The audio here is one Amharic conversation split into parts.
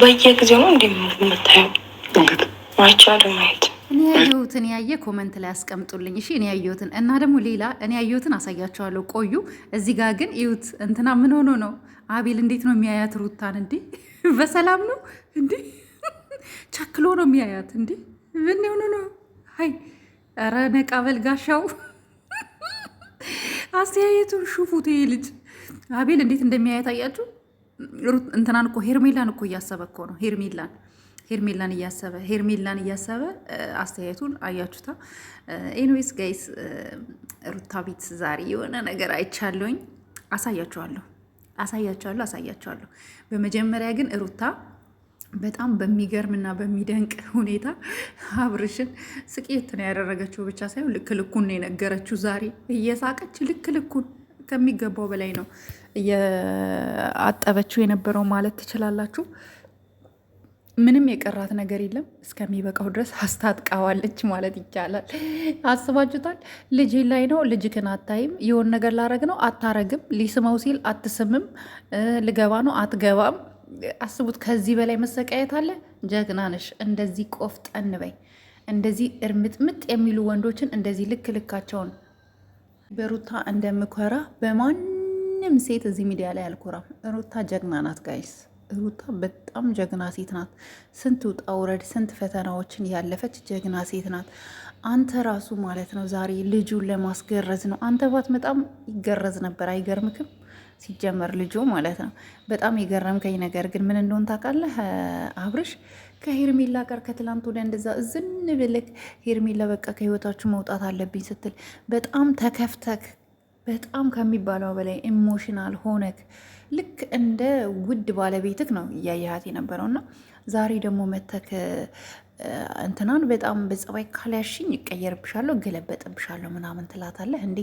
በየጊዜው ነው እንዲ የምታየው አይቻልም ማየት። እኔ ያየሁትን ያየ ኮመንት ላይ አስቀምጡልኝ። እሺ እኔ ያየሁትን እና ደግሞ ሌላ እኔ ያየሁትን አሳያችኋለሁ። ቆዩ። እዚህ ጋ ግን እዩት። እንትና ምን ሆኖ ነው? አቤል እንዴት ነው የሚያያት ሩታን? እንዴ በሰላም ነው እንዴ? ቸክሎ ነው የሚያያት እንዴ? ምን ሆኖ ነው? ሀይ ኧረ ነቃበል ጋሻው አስተያየቱን ሹፉት። ይሄ ልጅ አቤል እንዴት እንደሚያያት አያችሁ? እንትናን እኮ ሄርሜላን እኮ እያሰበ እኮ ነው። ሄርሜላን ሄርሜላን እያሰበ ሄርሜላን እያሰበ አስተያየቱን አያችሁታ። ኤንዌስ ጋይስ ሩታ ቤት ዛሬ የሆነ ነገር አይቻለኝ። አሳያችኋለሁ አሳያችኋለሁ አሳያችኋለሁ። በመጀመሪያ ግን ሩታ በጣም በሚገርምና በሚደንቅ ሁኔታ አብርሽን ስቅየት ነው ያደረገችው። ብቻ ሳይሆን ልክ ልኩን ነው የነገረችው ዛሬ እየሳቀች ልክ ልኩን ከሚገባው በላይ ነው አጠበችው የነበረው ማለት ትችላላችሁ። ምንም የቀራት ነገር የለም። እስከሚበቃው ድረስ አስታጥቃዋለች ማለት ይቻላል። አስባችሁታል? ልጅ ላይ ነው ልጅክን አታይም። የሆን ነገር ላረግ ነው አታረግም። ሊስመው ሲል አትስምም። ልገባ ነው አትገባም። አስቡት። ከዚህ በላይ መሰቃየት አለ? ጀግና ነሽ። እንደዚህ ቆፍጠን በይ። እንደዚህ እርምጥምጥ የሚሉ ወንዶችን እንደዚህ ልክ ልካቸውን በሩታ እንደምኮራ በማንም ሴት እዚህ ሚዲያ ላይ አልኮራም። ሩታ ጀግና ናት ጋይስ። ሩታ በጣም ጀግና ሴት ናት። ስንት ውጣ ውረድ፣ ስንት ፈተናዎችን ያለፈች ጀግና ሴት ናት። አንተ ራሱ ማለት ነው ዛሬ ልጁን ለማስገረዝ ነው። አንተ ባትመጣም ይገረዝ ነበር። አይገርምክም? ሲጀመር ልጁ ማለት ነው። በጣም የገረምከኝ ነገር ግን ምን እንደሆን ታውቃለህ አብርሽ ከሄርሜላ ጋር ከትላንት ወደ እንደዛ እዝን ብልክ ሄርሜላ በቃ ከህይወታችሁ መውጣት አለብኝ ስትል በጣም ተከፍተክ በጣም ከሚባለው በላይ ኢሞሽናል ሆነክ ልክ እንደ ውድ ባለቤትክ ነው እያየሃት እና ዛሬ ደግሞ መተክ እንትናን በጣም በጸባይ ካልያሽኝ ይቀየርብሻለሁ፣ ገለበጥብሻለሁ ምናምን ትላታለህ እንዴ!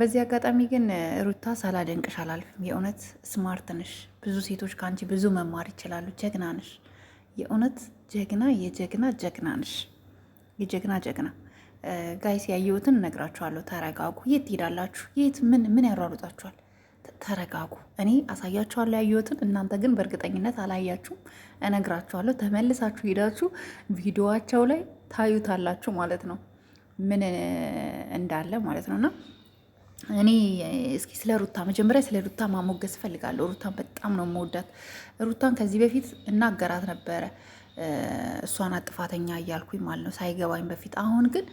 በዚህ አጋጣሚ ግን ሩታ ሳላደንቅሽ አላልፍም። የእውነት ስማርት ነሽ። ብዙ ሴቶች ከአንቺ ብዙ መማር ይችላሉ። ጀግና ነሽ። የእውነት ጀግና የጀግና ጀግና ነሽ። የጀግና ጀግና ጋይስ ያየሁትን እነግራችኋለሁ። ተረጋጉ። የት ትሄዳላችሁ? የት ምን ምን ያሯሩጣችኋል? ተረጋጉ። እኔ አሳያችኋለሁ ያየሁትን፣ እናንተ ግን በእርግጠኝነት አላያችሁም። እነግራችኋለሁ። ተመልሳችሁ ሄዳችሁ ቪዲዮዋቸው ላይ ታዩታላችሁ ማለት ነው፣ ምን እንዳለ ማለት ነው እና እኔ እስኪ ስለ ሩታ መጀመሪያ ስለ ሩታ ማሞገስ እፈልጋለሁ። ሩታን በጣም ነው መወዳት ሩታን ከዚህ በፊት እናገራት ነበረ እሷን ጥፋተኛ እያልኩኝ ማለት ነው ሳይገባኝ በፊት። አሁን ግን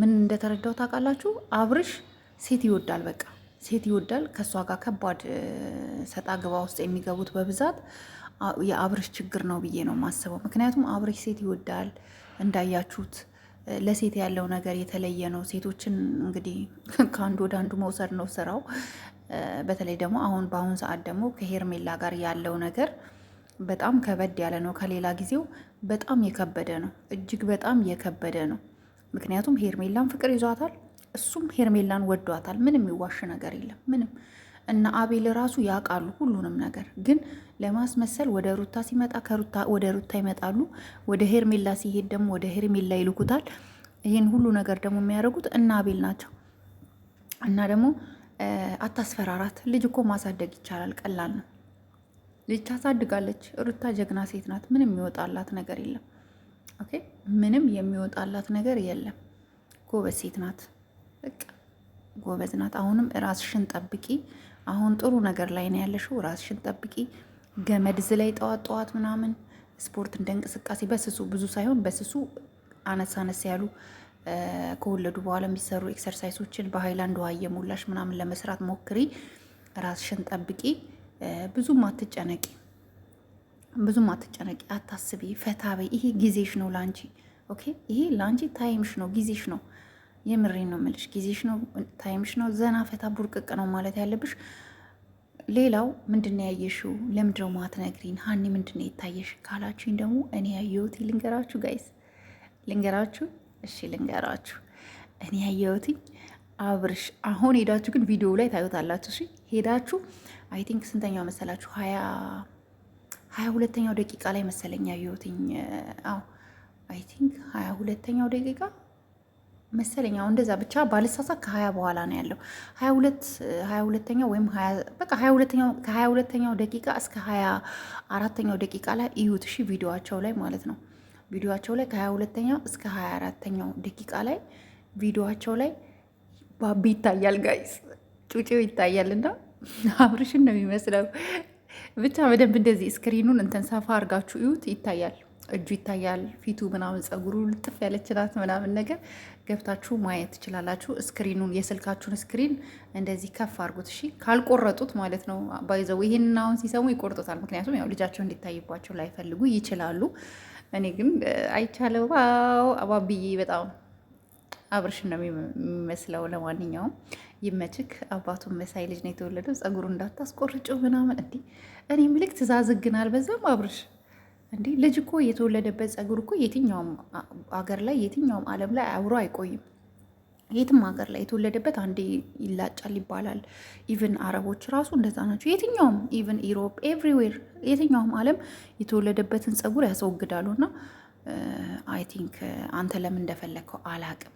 ምን እንደተረዳው ታውቃላችሁ? አብርሽ ሴት ይወዳል፣ በቃ ሴት ይወዳል። ከእሷ ጋር ከባድ ሰጣ ገባ ውስጥ የሚገቡት በብዛት የአብርሽ ችግር ነው ብዬ ነው የማስበው። ምክንያቱም አብርሽ ሴት ይወዳል እንዳያችሁት ለሴት ያለው ነገር የተለየ ነው። ሴቶችን እንግዲህ ከአንዱ ወደ አንዱ መውሰድ ነው ስራው። በተለይ ደግሞ አሁን በአሁን ሰዓት ደግሞ ከሄርሜላ ጋር ያለው ነገር በጣም ከበድ ያለ ነው። ከሌላ ጊዜው በጣም የከበደ ነው። እጅግ በጣም የከበደ ነው። ምክንያቱም ሄርሜላን ፍቅር ይዟታል፣ እሱም ሄርሜላን ወዷታል። ምንም ይዋሽ ነገር የለም ምንም እና አቤል ራሱ ያውቃሉ ሁሉንም ነገር ግን ለማስመሰል ወደ ሩታ ሲመጣ ከሩታ ወደ ሩታ ይመጣሉ። ወደ ሄርሜላ ሲሄድ ደግሞ ወደ ሄርሜላ ይልኩታል። ይህን ሁሉ ነገር ደግሞ የሚያደርጉት እና አቤል ናቸው። እና ደግሞ አታስፈራራት፣ ልጅ እኮ ማሳደግ ይቻላል፣ ቀላል ነው። ልጅ ታሳድጋለች። ሩታ ጀግና ሴት ናት። ምንም የሚወጣላት ነገር የለም። ኦኬ፣ ምንም የሚወጣላት ነገር የለም። ጎበዝ ሴት ናት። በቃ ጎበዝ ናት። አሁንም ራስሽን ጠብቂ። አሁን ጥሩ ነገር ላይ ነው ያለሽው። ራስሽን ጠብቂ። ገመድ ዝላይ ጠዋት ጠዋት ምናምን ስፖርት እንደ እንቅስቃሴ በስሱ ብዙ ሳይሆን በስሱ አነስ አነስ ያሉ ከወለዱ በኋላ የሚሰሩ ኤክሰርሳይሶችን በሀይላንድ ውሃ እየሞላሽ ምናምን ለመስራት ሞክሪ። ራስሽን ጠብቂ። ብዙም አትጨነቂ፣ ብዙም አትጨነቂ፣ አታስቢ፣ ፈታ በይ። ይሄ ጊዜሽ ነው ላንቺ። ኦኬ፣ ይሄ ላንቺ ታይምሽ ነው፣ ጊዜሽ ነው። የምሬን ነው የምልሽ። ጊዜሽ ነው ታይምሽ ነው ዘና ፈታ ቡርቅቅ ነው ማለት ያለብሽ። ሌላው ምንድን ነው ያየሽው? ለምንድን ነው ማትነግሪን? ሀኒ ምንድን ነው የታየሽ ካላችሁኝ ደግሞ እኔ ያየሁት ልንገራችሁ፣ ጋይስ ልንገራችሁ። እሺ ልንገራችሁ፣ እኔ ያየሁት አብርሽ አሁን ሄዳችሁ ግን ቪዲዮ ላይ ታዩታላችሁ። እሺ ሄዳችሁ አይ ቲንክ ስንተኛው መሰላችሁ? ሀያ ሀያ ሁለተኛው ደቂቃ ላይ መሰለኝ ያየሁትኝ። አዎ አይ ቲንክ ሀያ ሁለተኛው ደቂቃ መሰለኝ አሁን እንደዛ ብቻ ባልሳሳት ከሀያ በኋላ ነው ያለው ሀያ ሁለት ሀያ ሁለተኛው ወይም በቃ ሀያ ሁለተኛው ከሀያ ሁለተኛው ደቂቃ እስከ ሀያ አራተኛው ደቂቃ ላይ እዩት እሺ ቪዲዮቸው ላይ ማለት ነው ቪዲዮዋቸው ላይ ከሀያ ሁለተኛው እስከ ሀያ አራተኛው ደቂቃ ላይ ቪዲዮዋቸው ላይ ባቢ ይታያል ጋይስ ጩጬው ይታያል እና አብርሽን ነው የሚመስለው ብቻ በደንብ እንደዚህ ስክሪኑን እንትን ሰፋ አድርጋችሁ እዩት ይታያል እጁ ይታያል፣ ፊቱ ምናምን፣ ጸጉሩ ልጥፍ ያለችናት ምናምን ነገር ገብታችሁ ማየት ትችላላችሁ። ስክሪኑን የስልካችሁን ስክሪን እንደዚህ ከፍ አድርጉት። እሺ ካልቆረጡት ማለት ነው። ባይዘው ይህንን አሁን ሲሰሙ ይቆርጡታል። ምክንያቱም ያው ልጃቸው እንዲታይባቸው ላይፈልጉ ይችላሉ። እኔ ግን አይቻለው። ዋው አባብዬ በጣም አብርሽ ነው የሚመስለው። ለማንኛውም ይመችክ። አባቱን መሳይ ልጅ ነው የተወለደው። ጸጉሩ እንዳታስቆርጭው ምናምን እንዲህ እኔ ምልክ ትዛዝግናል በዛም አብርሽ እንዴ ልጅ እኮ የተወለደበት ጸጉር እኮ የትኛውም አገር ላይ የትኛውም ዓለም ላይ አብሮ አይቆይም። የትም ሀገር ላይ የተወለደበት አንዴ ይላጫል ይባላል። ኢቨን አረቦች ራሱ እንደዛ ናቸው። የትኛውም ኢቨን ኢሮፕ ኤቭሪዌር የትኛውም ዓለም የተወለደበትን ጸጉር ያስወግዳሉ። እና አይ ቲንክ አንተ ለምን እንደፈለግከው አላቅም።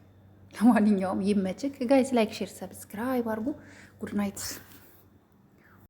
ለማንኛውም ይመችክ። ጋይስ ላይክ፣ ሼር፣ ሰብስክራይብ አድርጉ። ጉድናይት ናይት